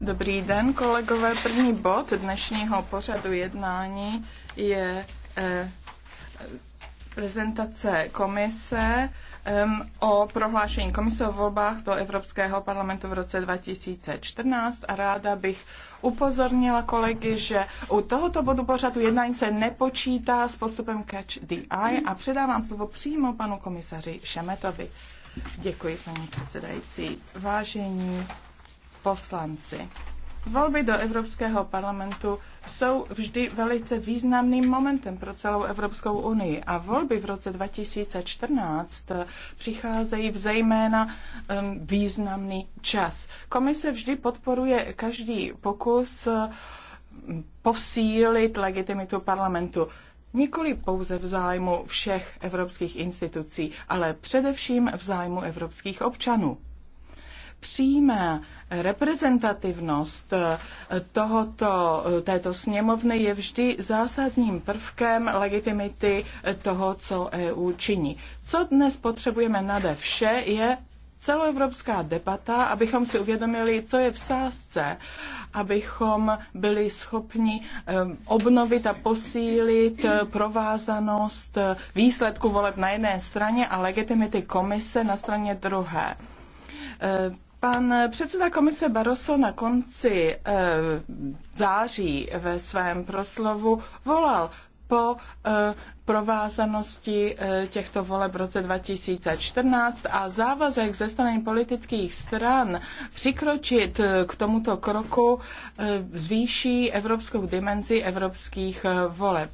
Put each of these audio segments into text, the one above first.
Dobrý den, kolegové. První bod dnešního pořadu jednání je eh, prezentace komise o prohlášení komise o volbách do Evropského parlamentu v roce 2014 a ráda bych upozornila kolegy, že u tohoto bodu pořadu jednání se nepočítá s postupem Catch the Eye a předávám slovo přímo panu komisaři Šemetovi. Děkuji, paní předsedající. Vážení poslanci, volby do Evropského parlamentu jsou vždy velice významným momentem pro celou Evropskou unii a volby v roce 2014 přicházejí v zejména významný čas. Komise vždy podporuje každý pokus posílit legitimitu parlamentu nikoli pouze v zájmu všech evropských institucí, ale především v zájmu evropských občanů. Přímá reprezentativnost eh, tohoto, eh, této sněmovny je vždy zásadním prvkem legitimity eh, toho, co EU činí. Co dnes potřebujeme nade vše, je celoevropská debata, abychom si uvědomili, co je v sázce, abychom byli schopni obnovit a posílit eh, provázanost eh, výsledku voleb na jedné straně a legitimity komise na straně druhé. Eh, pan předseda komise Barroso na konci září ve svém proslovu volal po provázanosti eh, těchto voleb v roce 2014 a závazek ze strany politických stran přikročit eh, k tomuto kroku eh, zvýší evropskou dimenzi evropských voleb.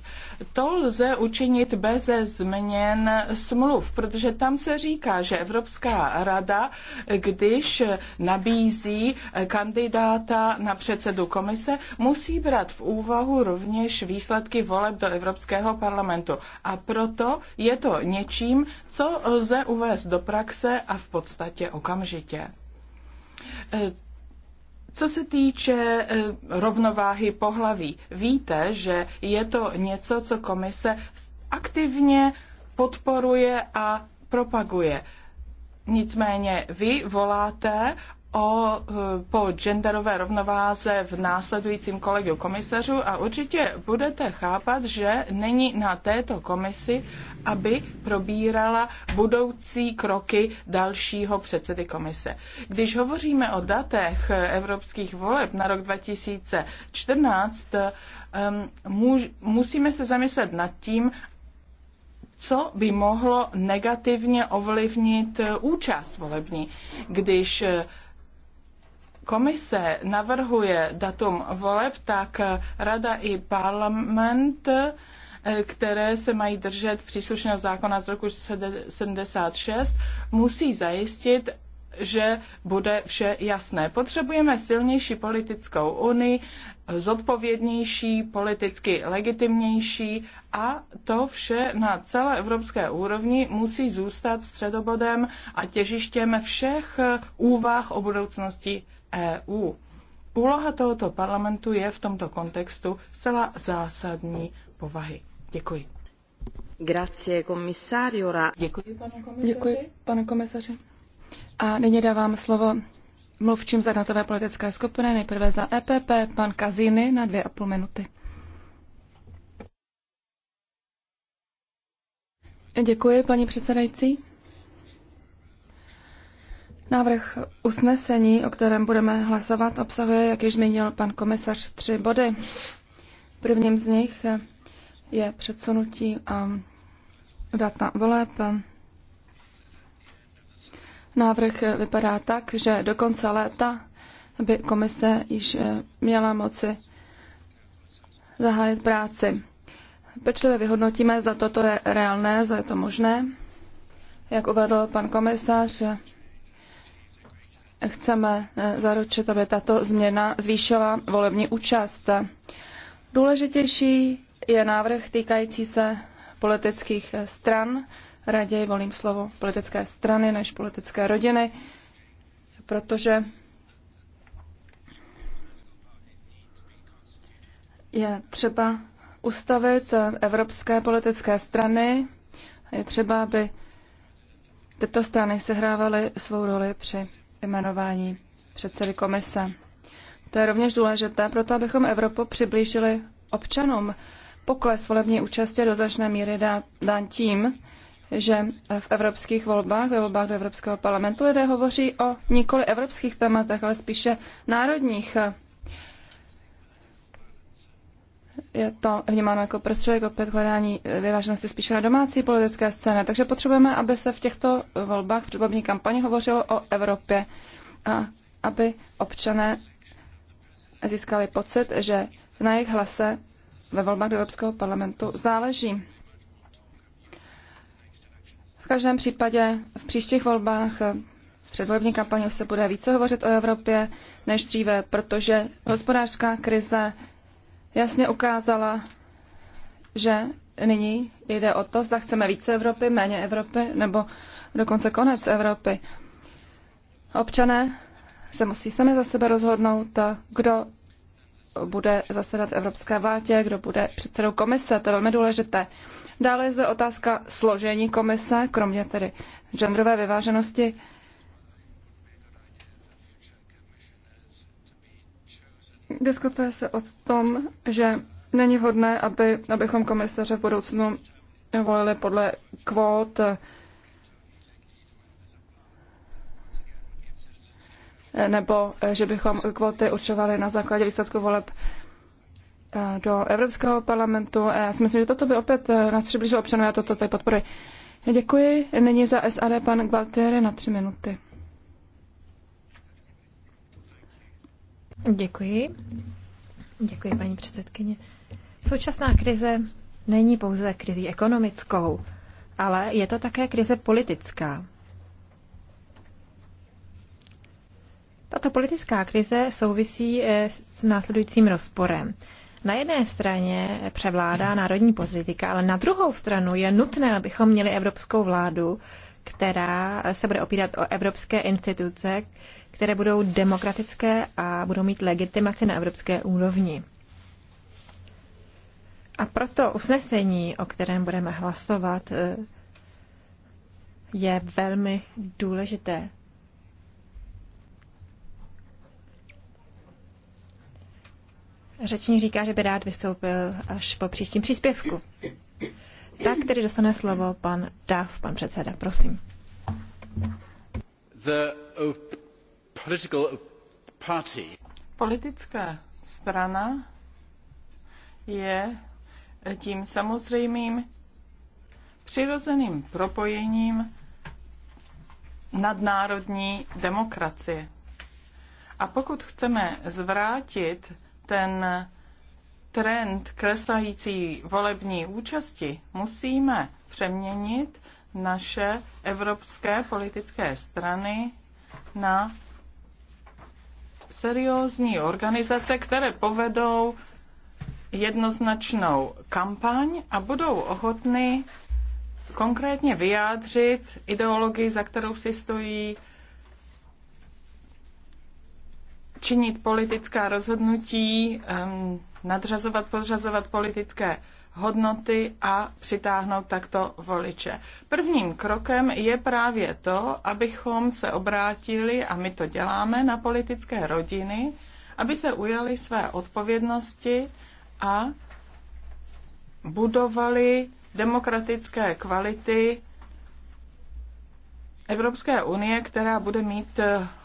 To lze učinit bez změn smluv, protože tam se říká, že Evropská rada, když nabízí kandidáta na předsedu komise, musí brát v úvahu rovněž výsledky voleb do Evropského parlamentu. A proto je to něčím, co lze uvést do praxe a v podstatě okamžitě. E, co se týče e, rovnováhy pohlaví, víte, že je to něco, co komise aktivně podporuje a propaguje. Nicméně vy voláte o, eh, po genderové rovnováze v následujícím kolegiu komisařů a určitě budete chápat, že není na této komisi, aby probírala budoucí kroky dalšího předsedy komise. Když hovoříme o datech evropských voleb na rok 2014, eh, musíme se zamyslet nad tím, co by mohlo negativně ovlivnit eh, účast volební, když komise navrhuje datum voleb, tak rada i parlament eh, které se mají držet příslušného zákona z roku 76, musí zajistit, že bude vše jasné. Potřebujeme silnější politickou unii, zodpovědnější, politicky legitimnější a to vše na celé evropské úrovni musí zůstat středobodem a těžištěm všech úvah o budoucnosti EU. Úloha tohoto parlamentu je v tomto kontextu zcela zásadní povahy. Děkuji. Grazie, Děkuji, pane komisaři. Děkuji, pane komisaři. A nyní dávám slovo mluvčím za datové politické skupiny, nejprve za EPP, pan Kazíny na dvě a půl minuty. Děkuji, paní předsedající. Návrh usnesení, o kterém budeme hlasovat, obsahuje, jak již zmínil pan komisař, tři body. Prvním z nich je předsunutí um, data voleb Návrh vypadá tak, že do konce léta by komise již eh, měla moci zahájit práci. Pečlivě vyhodnotíme, zda toto je reálné, zda je to možné. Jak uvedl pan komisař, chceme eh, zaručit, aby tato změna zvýšila volební účast. Důležitější je návrh týkající se politických eh, stran raději volím slovo politické strany než politické rodiny, protože je třeba ustavit evropské politické strany a je třeba, aby tyto strany sehrávaly svou roli při jmenování předsedy komise. To je rovněž důležité proto, abychom Evropu přiblížili občanům. Pokles volební účasti do značné míry dán tím, že v evropských volbách, ve volbách do Evropského parlamentu lidé hovoří o nikoli evropských tématech, ale spíše národních. Je to vnímáno jako prostředek opět hledání vyváženosti spíše na domácí politické scéně. Takže potřebujeme, aby se v těchto volbách v předvolební kampani hovořilo o Evropě a aby občané získali pocit, že na jejich hlase ve volbách do Evropského parlamentu záleží. V každém případě v příštích volbách eh, předvolební kampaně se bude více hovořit o Evropě než dříve, protože hospodářská krize jasně ukázala, že nyní jde o to, zda chceme více Evropy, méně Evropy nebo dokonce konec Evropy. Občané se musí sami za sebe rozhodnout, kdo bude zasedat v Evropské vládě, kdo bude předsedou komise, to je velmi důležité. Dále je zde otázka složení komise, kromě tedy genderové vyváženosti. Diskutuje se o tom, že není vhodné, aby, abychom komisaře v budoucnu volili podle kvót nebo eh, že bychom kvóty určovali na základě výsledku voleb eh, do Evropského parlamentu. Já si myslím, že toto by opět eh, nás přiblížilo občanům a toto tady podporuji. Děkuji. Nyní za SAD pan Gualtieri na tři minuty. Děkuji. Děkuji, paní předsedkyně. Současná krize není pouze krizí ekonomickou, ale je to také krize politická. Tato politická krize souvisí eh, s následujícím rozporem. Na jedné straně převládá národní politika, ale na druhou stranu je nutné, abychom měli evropskou vládu, která se bude opírat o evropské instituce, které budou demokratické a budou mít legitimaci na evropské úrovni. A proto usnesení, o kterém budeme hlasovat, eh, je velmi důležité. Řečník říká, že by rád vystoupil až po příštím příspěvku. Tak tedy dostane slovo pan Dav, pan předseda, prosím. The uh, political party. Politická strana je tím samozřejmým přirozeným propojením nadnárodní demokracie. A pokud chceme zvrátit ten trend klesající volební účasti musíme přeměnit naše evropské politické strany na seriózní organizace, které povedou jednoznačnou kampaň a budou ochotny konkrétně vyjádřit ideologii, za kterou si stojí, činit politická rozhodnutí, nadřazovat, podřazovat politické hodnoty a přitáhnout takto voliče. Prvním krokem je právě to, abychom se obrátili, a my to děláme, na politické rodiny, aby se ujali své odpovědnosti a budovali demokratické kvality Evropské unie, která bude mít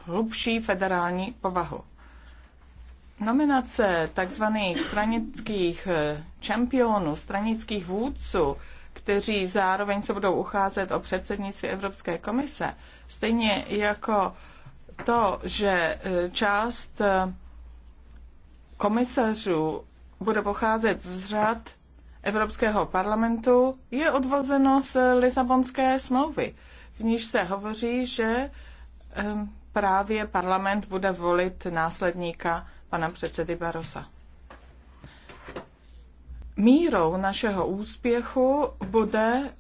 hlubší federální povahu. Nominace takzvaných stranických eh, čampionů, stranických vůdců, kteří zároveň se budou ucházet o předsednictví Evropské komise, stejně jako to, že eh, část eh, komisařů bude pocházet z řad Evropského parlamentu, je odvozeno z Lisabonské smlouvy, v níž se hovoří, že právě parlament bude volit následníka pana předsedy Barosa. Mírou našeho úspěchu bude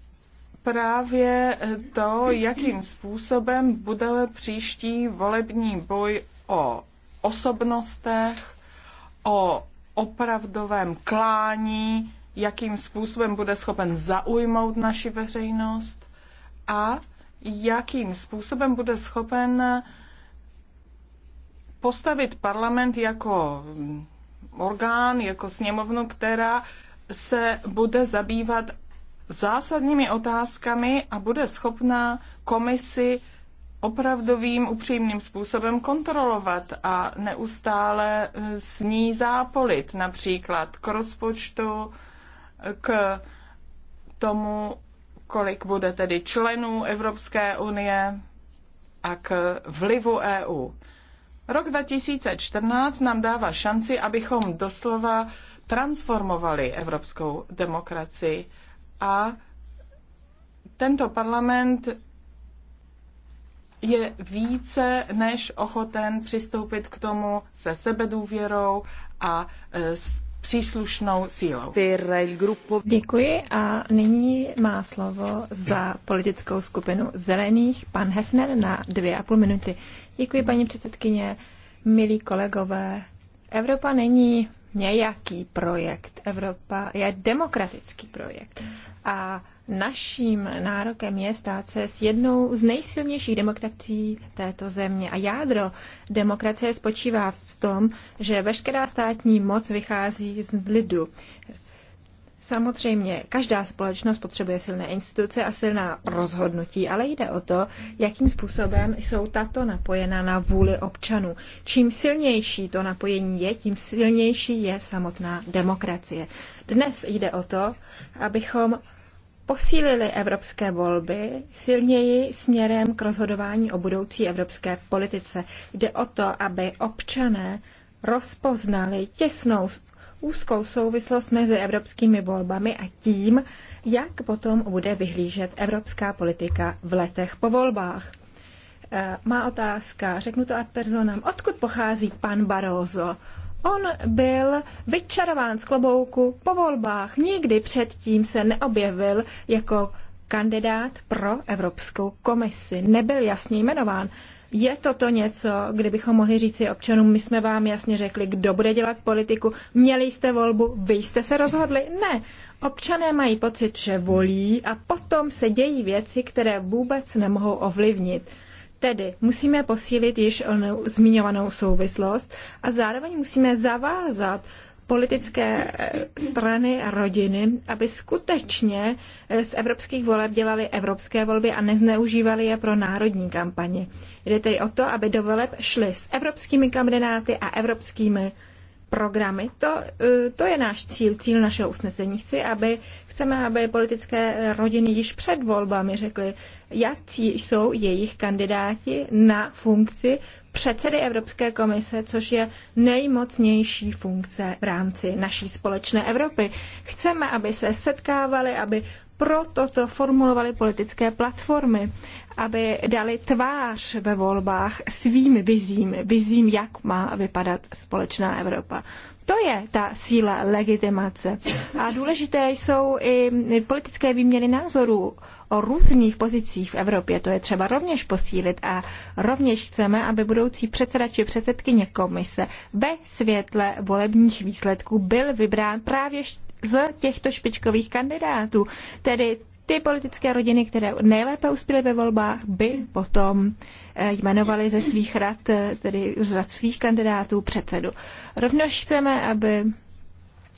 právě to, jakým způsobem bude příští volební boj o osobnostech, o opravdovém klání, jakým způsobem bude schopen zaujmout naši veřejnost a jakým způsobem bude schopen postavit parlament jako orgán, jako sněmovnu, která se bude zabývat zásadními otázkami a bude schopná komisi opravdovým, upřímným způsobem kontrolovat a neustále eh, s ní zápolit, například k rozpočtu, eh, k tomu, kolik bude tedy členů Evropské unie a k vlivu EU. Rok 2014 nám dává šanci, abychom doslova transformovali evropskou demokracii a tento parlament je více než ochoten přistoupit k tomu se sebedůvěrou a e, s příslušnou sílou. Děkuji a nyní má slovo za politickou skupinu Zelených pan Hefner na dvě a půl minuty. Děkuji paní předsedkyně, milí kolegové. Evropa není nějaký projekt. Evropa je demokratický projekt. A Naším nárokem je stát se s jednou z nejsilnějších demokracií této země. A jádro demokracie spočívá v tom, že veškerá státní moc vychází z lidu. Samozřejmě, každá společnost potřebuje silné instituce a silná rozhodnutí, ale jde o to, jakým způsobem jsou tato napojena na vůli občanů. Čím silnější to napojení je, tím silnější je samotná demokracie. Dnes jde o to, abychom posílili evropské volby silněji směrem k rozhodování o budoucí evropské politice. Jde o to, aby občané rozpoznali těsnou úzkou souvislost mezi evropskými volbami a tím, jak potom bude vyhlížet evropská politika v letech po volbách. E, má otázka, řeknu to ad personam, odkud pochází pan Barozo? On byl vyčarován z klobouku po volbách. Nikdy předtím se neobjevil jako kandidát pro Evropskou komisi. Nebyl jasně jmenován. Je toto něco, kdybychom mohli říci občanům, my jsme vám jasně řekli, kdo bude dělat politiku, měli jste volbu, vy jste se rozhodli? Ne. Občané mají pocit, že volí a potom se dějí věci, které vůbec nemohou ovlivnit. Tedy musíme posílit již zmiňovanou souvislost a zároveň musíme zavázat politické eh, strany a rodiny, aby skutečně eh, z evropských voleb dělali evropské volby a nezneužívali je pro národní kampaně. Jde tedy o to, aby do voleb šli s evropskými kandidáty a evropskými programy. To, eh, to je náš cíl, cíl našeho usnesení. Chci, aby, chceme, aby politické rodiny již před volbami řekly, jaký jsou jejich kandidáti na funkci předsedy Evropské komise, což je nejmocnější funkce v rámci naší společné Evropy. Chceme, aby se setkávali, aby proto to formulovali politické platformy, aby dali tvář ve volbách svým vizím, vizím, jak má vypadat společná Evropa. To je ta síla legitimace. A důležité jsou i politické výměny názorů o různých pozicích v Evropě. To je třeba rovněž posílit a rovněž chceme, aby budoucí předseda či předsedkyně komise ve světle volebních výsledků byl vybrán právě z těchto špičkových kandidátů. Tedy ty politické rodiny, které nejlépe uspěly ve volbách, by potom eh, jmenovaly ze svých rad, eh, tedy z rad svých kandidátů, předsedu. Rovněž chceme, aby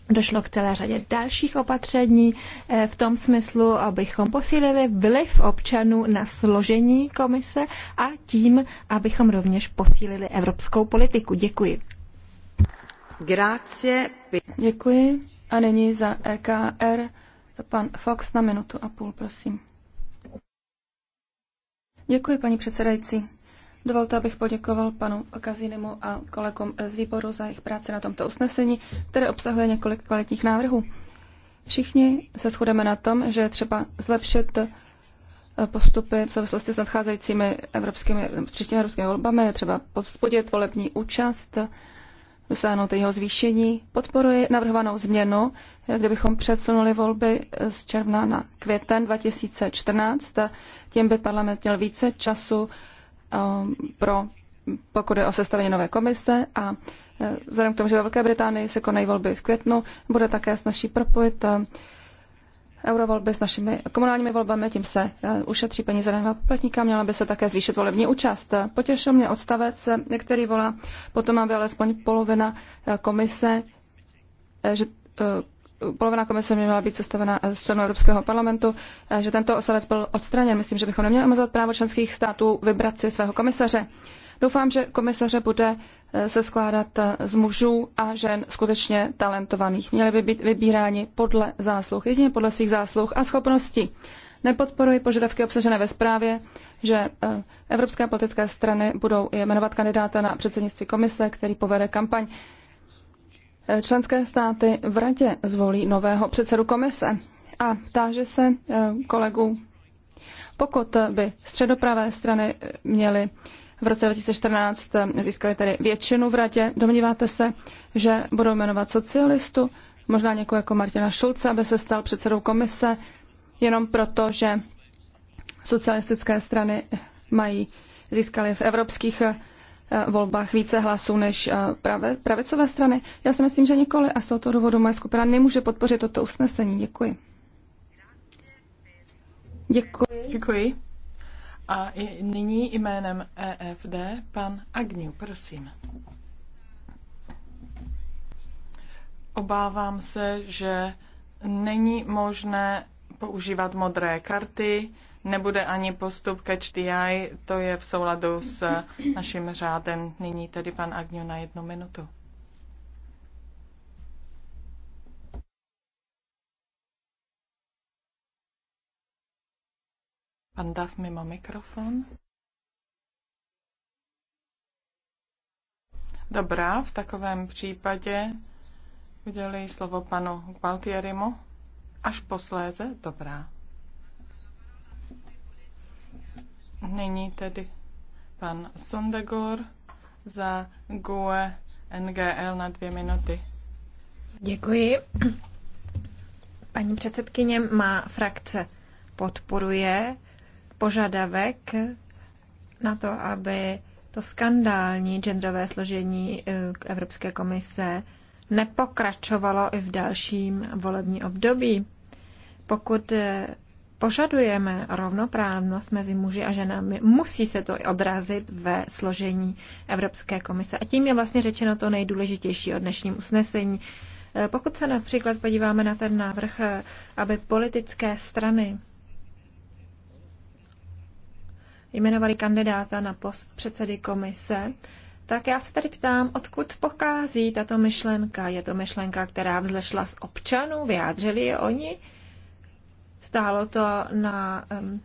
Došlo k celé řadě dalších opatření eh, v tom smyslu, abychom posílili vliv občanů na složení komise a tím, abychom rovněž posílili evropskou politiku. Děkuji. Grazie. Děkuji. A nyní za EKR pan Fox na minutu a půl, prosím. Děkuji, paní předsedající. Dovolte, abych poděkoval panu Kazinimu a kolegům z výboru za jejich práci na tomto usnesení, které obsahuje několik kvalitních návrhů. Všichni se shodeme na tom, že je třeba zlepšit eh, postupy v souvislosti s nadcházejícími evropskými, příštími evropskými volbami, je třeba povzbudit volební účast dosáhnout jeho zvýšení. Podporuji navrhovanou změnu, kde bychom přesunuli volby z června na květen 2014. Tím by parlament měl více času um, pro, pokud je o sestavení nové komise a eh, vzhledem k tomu, že ve Velké Británii se konají volby v květnu, bude také snažší propojit eh, eurovolby s našimi komunálními volbami, tím se eh, ušetří peníze daného poplatníka, měla by se také zvýšit volební účast. Potěšil mě odstavec, eh, který volá potom, aby alespoň polovina eh, komise, že polovina komise měla být sestavena z členů Evropského parlamentu, že tento odstavec byl odstraněn. Myslím, že bychom neměli omezovat právo členských států vybrat si svého komisaře. Doufám, že komisaře bude eh, se skládat eh, z mužů a žen skutečně talentovaných. Měli by být vybíráni podle zásluh, jedině podle svých zásluh a schopností. Nepodporuji požadavky obsažené ve zprávě, že eh, evropské politické strany budou jmenovat kandidáta na předsednictví komise, který povede kampaň. Členské státy v radě zvolí nového předsedu komise a táže se kolegů, pokud by středopravé strany měly v roce 2014 eh, získali tedy většinu v radě. Domníváte se, že budou jmenovat socialistu, možná někoho jako Martina Šulce, aby se stal předsedou komise, jenom proto, že socialistické strany mají získali v evropských eh, volbách více hlasů než eh, prave, pravicové strany. Já si myslím, že nikoli a z tohoto důvodu moje skupina nemůže podpořit toto usnesení. Děkuji. Děkuji. Děkuji. A i nyní jménem EFD pan Agniu, prosím. Obávám se, že není možné používat modré karty, nebude ani postup the eye, to je v souladu s naším řádem. Nyní tedy pan Agniu na jednu minutu. Pan Dav mimo mikrofon. Dobrá, v takovém případě udělí slovo panu Gualtierimu. Až posléze, dobrá. Nyní tedy pan Sondegor za GUE NGL na dvě minuty. Děkuji. Paní předsedkyně, má frakce podporuje požadavek na to, aby to skandální genderové složení eh, Evropské komise nepokračovalo i v dalším volební období. Pokud eh, požadujeme rovnoprávnost mezi muži a ženami, musí se to odrazit ve složení Evropské komise. A tím je vlastně řečeno to nejdůležitější o dnešním usnesení. Eh, pokud se například podíváme na ten návrh, aby politické strany jmenovali kandidáta na post předsedy komise, tak já se tady ptám, odkud pochází tato myšlenka? Je to myšlenka, která vzlešla z občanů, vyjádřili je oni? Stálo to na um, um,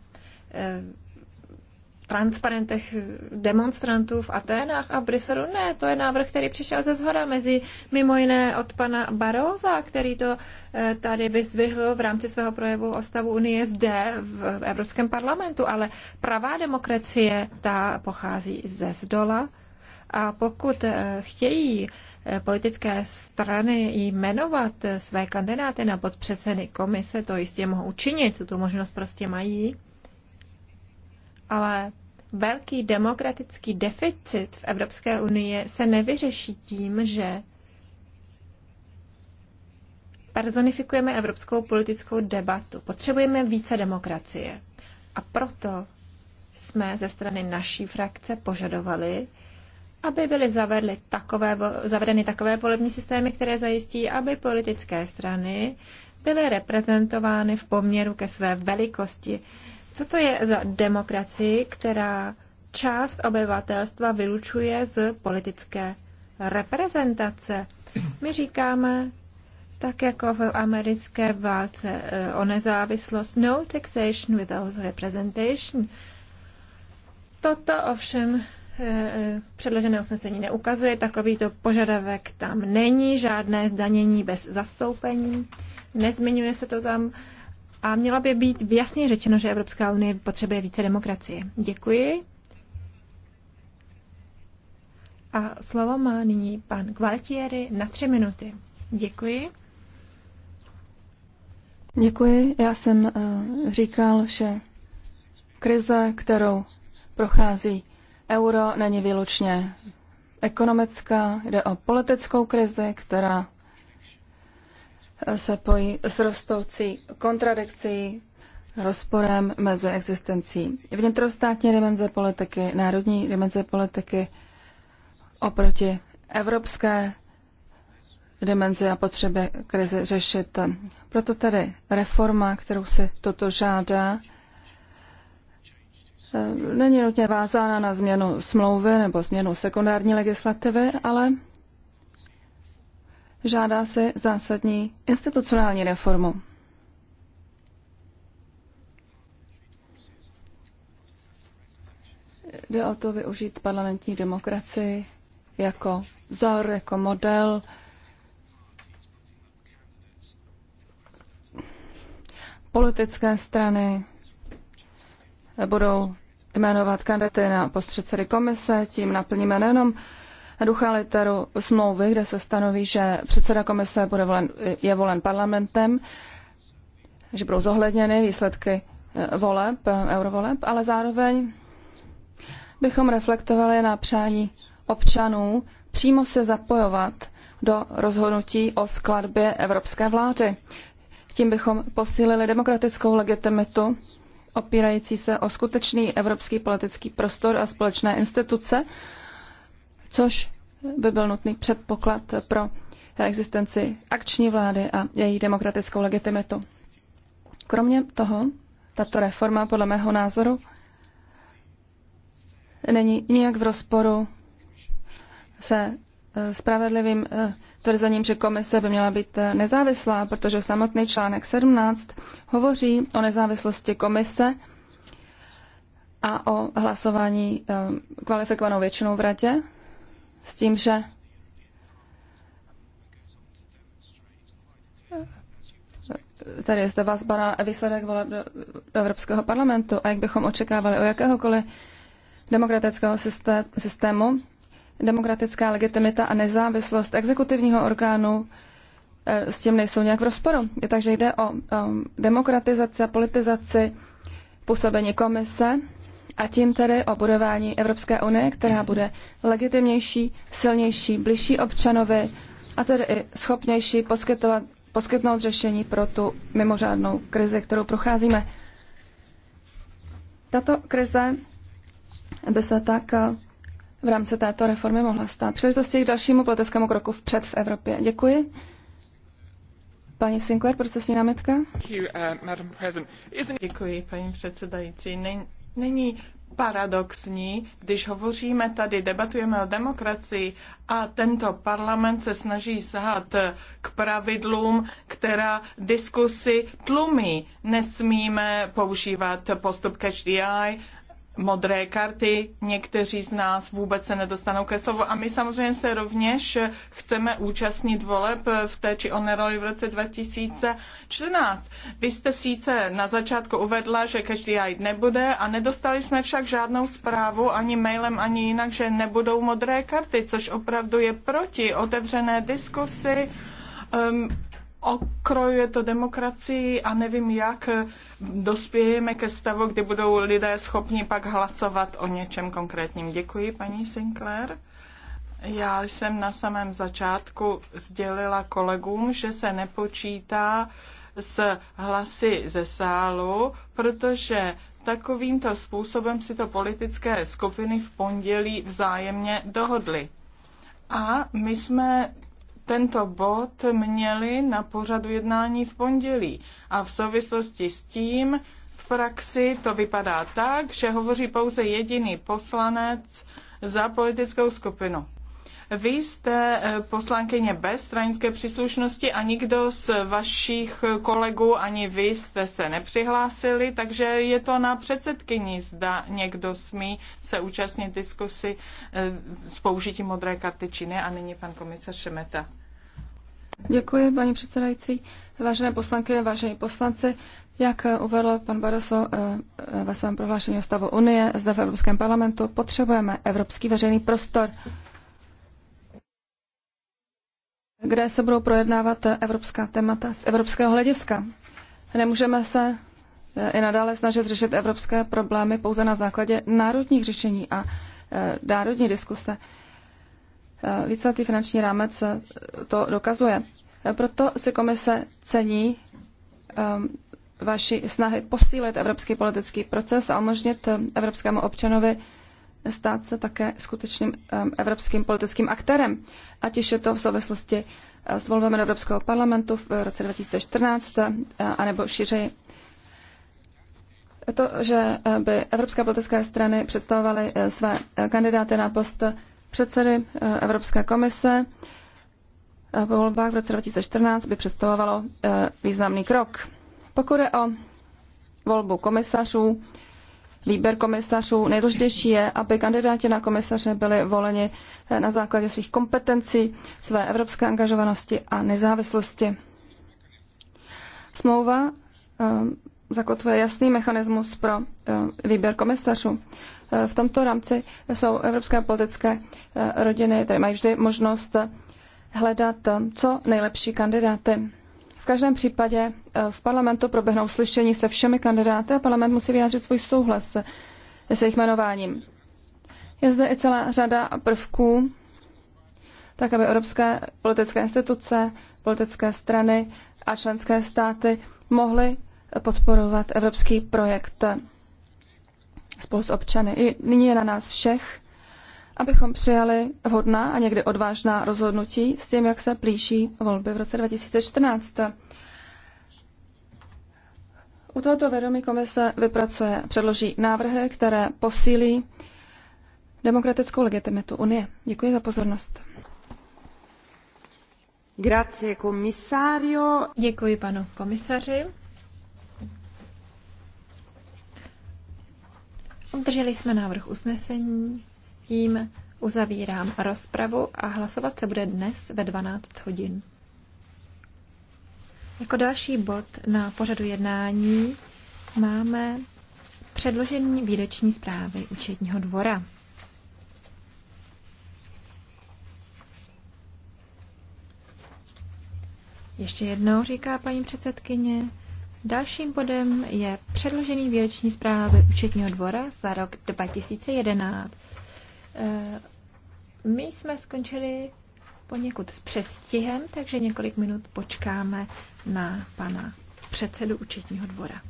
transparentech demonstrantů v Aténách a v Bruselu. Ne, to je návrh, který přišel ze zhora mezi mimo jiné od pana Baroza, který to eh, tady vyzdvihl v rámci svého projevu o stavu Unie zde v Evropském parlamentu, ale pravá demokracie ta pochází ze zdola. A pokud eh, chtějí eh, politické strany jmenovat své kandidáty na podpředsedy komise, to jistě mohou učinit, tu možnost prostě mají ale velký demokratický deficit v Evropské unii se nevyřeší tím, že personifikujeme evropskou politickou debatu. Potřebujeme více demokracie. A proto jsme ze strany naší frakce požadovali, aby byly zavedly takové, zavedeny takové volební systémy, které zajistí, aby politické strany byly reprezentovány v poměru ke své velikosti. Co to je za demokracii, která část obyvatelstva vylučuje z politické reprezentace? My říkáme, tak jako v americké válce eh, o nezávislost, no taxation without representation. Toto ovšem eh, eh, předložené usnesení neukazuje, takovýto požadavek tam není, žádné zdanění bez zastoupení, nezmiňuje se to tam a mělo by být jasně řečeno, že Evropská unie potřebuje více demokracie. Děkuji. A slovo má nyní pan Gualtieri na tři minuty. Děkuji. Děkuji. Já jsem eh, říkal, že krize, kterou prochází euro, není výlučně ekonomická, jde o politickou krizi, která se pojí s rostoucí kontradikcí, rozporem mezi existencí vnitrostátní dimenze politiky, národní dimenze politiky oproti evropské dimenzi a potřeby krizi řešit. Proto tedy reforma, kterou se toto žádá, eh, není nutně vázána na změnu smlouvy nebo změnu sekundární legislativy, ale žádá si zásadní institucionální reformu. Jde o to využít parlamentní demokracii jako vzor, jako model. Politické strany budou jmenovat kandidáty na postředsedy komise, tím naplníme nejenom ducha literu smlouvy, kde se stanoví, že předseda komise bude volen, je volen parlamentem, že budou zohledněny výsledky eh, voleb, eh, eurovoleb, ale zároveň bychom reflektovali na přání občanů přímo se zapojovat do rozhodnutí o skladbě evropské vlády. Tím bychom posílili demokratickou legitimitu, opírající se o skutečný evropský politický prostor a společné instituce, což by byl nutný předpoklad pro existenci akční vlády a její demokratickou legitimitu. Kromě toho, tato reforma podle mého názoru není nijak v rozporu se eh, spravedlivým eh, tvrzením, že komise by měla být eh, nezávislá, protože samotný článek 17 hovoří o nezávislosti komise a o hlasování kvalifikovanou většinou v radě, s tím, že tady je zde vazba na výsledek voleb do, do Evropského parlamentu a jak bychom očekávali o jakéhokoliv demokratického systé systému, demokratická legitimita a nezávislost exekutivního orgánu eh, s tím nejsou nějak v rozporu. Takže jde o um, demokratizaci a politizaci působení komise a tím tedy o budování Evropské unie, která bude legitimnější, silnější, bližší občanovi a tedy i schopnější poskytovat, poskytnout řešení pro tu mimořádnou krizi, kterou procházíme. Tato krize by se tak eh, v rámci této reformy mohla stát příležitostí k dalšímu politickému kroku vpřed v Evropě. Děkuji. Paní Sinclair, procesní námitka? Uh, Děkuji, paní předsedající. Není paradoxní, když hovoříme tady, debatujeme o demokracii a tento parlament se snaží sahat k pravidlům, která diskusy tlumí. Nesmíme používat postup catch the eye, modré karty, někteří z nás vůbec se nedostanou ke slovu a my samozřejmě se rovněž chceme účastnit voleb v té či oné roli v roce 2014. Vy jste sice na začátku uvedla, že každý jít nebude a nedostali jsme však žádnou zprávu ani mailem, ani jinak, že nebudou modré karty, což opravdu je proti otevřené diskusi, um, okrojuje to demokracii a nevím jak dospějeme ke stavu, kdy budou lidé schopni pak hlasovat o něčem konkrétním. Děkuji, paní Sinclair. Já jsem na samém začátku sdělila kolegům, že se nepočítá s hlasy ze sálu, protože takovýmto způsobem si to politické skupiny v pondělí vzájemně dohodly. A my jsme tento bod měli na pořadu jednání v pondělí. A v souvislosti s tím v praxi to vypadá tak, že hovoří pouze jediný poslanec za politickou skupinu. Vy jste eh, poslankyně bez stranické příslušnosti a nikdo z vašich kolegů ani vy jste se nepřihlásili, takže je to na předsedkyni, zda někdo smí se účastnit diskusy eh, s použitím modré karty či A nyní pan komisař Šemeta. Děkuji, paní předsedající. Vážené poslankyně, vážení poslanci, jak eh, uvedl pan Barroso eh, eh, ve svém prohlášení o stavu Unie zde v Evropském parlamentu, potřebujeme evropský veřejný prostor, kde se budou projednávat evropská témata z evropského hlediska. Nemůžeme se i nadále snažit řešit evropské problémy pouze na základě národních řešení a národní diskuse. Eh, víceletý finanční rámec eh, to dokazuje. Eh, proto si komise cení ehm, vaší snahy posílit evropský politický proces a umožnit evropskému občanovi stát se také skutečným ehm, evropským politickým aktérem. Ať už je to v souvislosti s volbami do Evropského parlamentu v roce 2014, anebo šířeji. To, že by evropské politické strany představovaly své kandidáty na post předsedy eh, Evropské komise eh, po volbách v roce 2014 by představovalo eh, významný krok. Pokud je o volbu komisařů, výběr komisařů, nejdůležitější je, aby kandidáti na komisaře byli voleni na základě svých kompetencí, své evropské angažovanosti a nezávislosti. Smlouva zakotvuje jasný mechanismus pro eh, výběr komisařů. Eh, v tomto rámci jsou evropské politické eh, rodiny, které mají vždy možnost hledat co nejlepší kandidáty. V každém případě v parlamentu proběhnou slyšení se všemi kandidáty a parlament musí vyjádřit svůj souhlas se jejich jmenováním. Je zde i celá řada prvků, tak aby evropské politické instituce, politické strany a členské státy mohly podporovat evropský projekt spolu s občany. I nyní je na nás všech, abychom přijali vhodná a někdy odvážná rozhodnutí s tím, jak se blíží volby v roce 2014. U tohoto vědomí komise vypracuje, předloží návrhy, které posílí demokratickou legitimitu Unie. Děkuji za pozornost. Grazie, Děkuji panu komisaři. Obdrželi jsme návrh usnesení, tím uzavírám rozpravu a hlasovat se bude dnes ve 12 hodin. Jako další bod na pořadu jednání máme předložení výroční zprávy účetního dvora. Ještě jednou říká paní předsedkyně. Dalším bodem je předložený výroční zprávy účetního dvora za rok 2011. Eh, my jsme skončili poněkud s přestihem, takže několik minut počkáme na pana předsedu účetního dvora.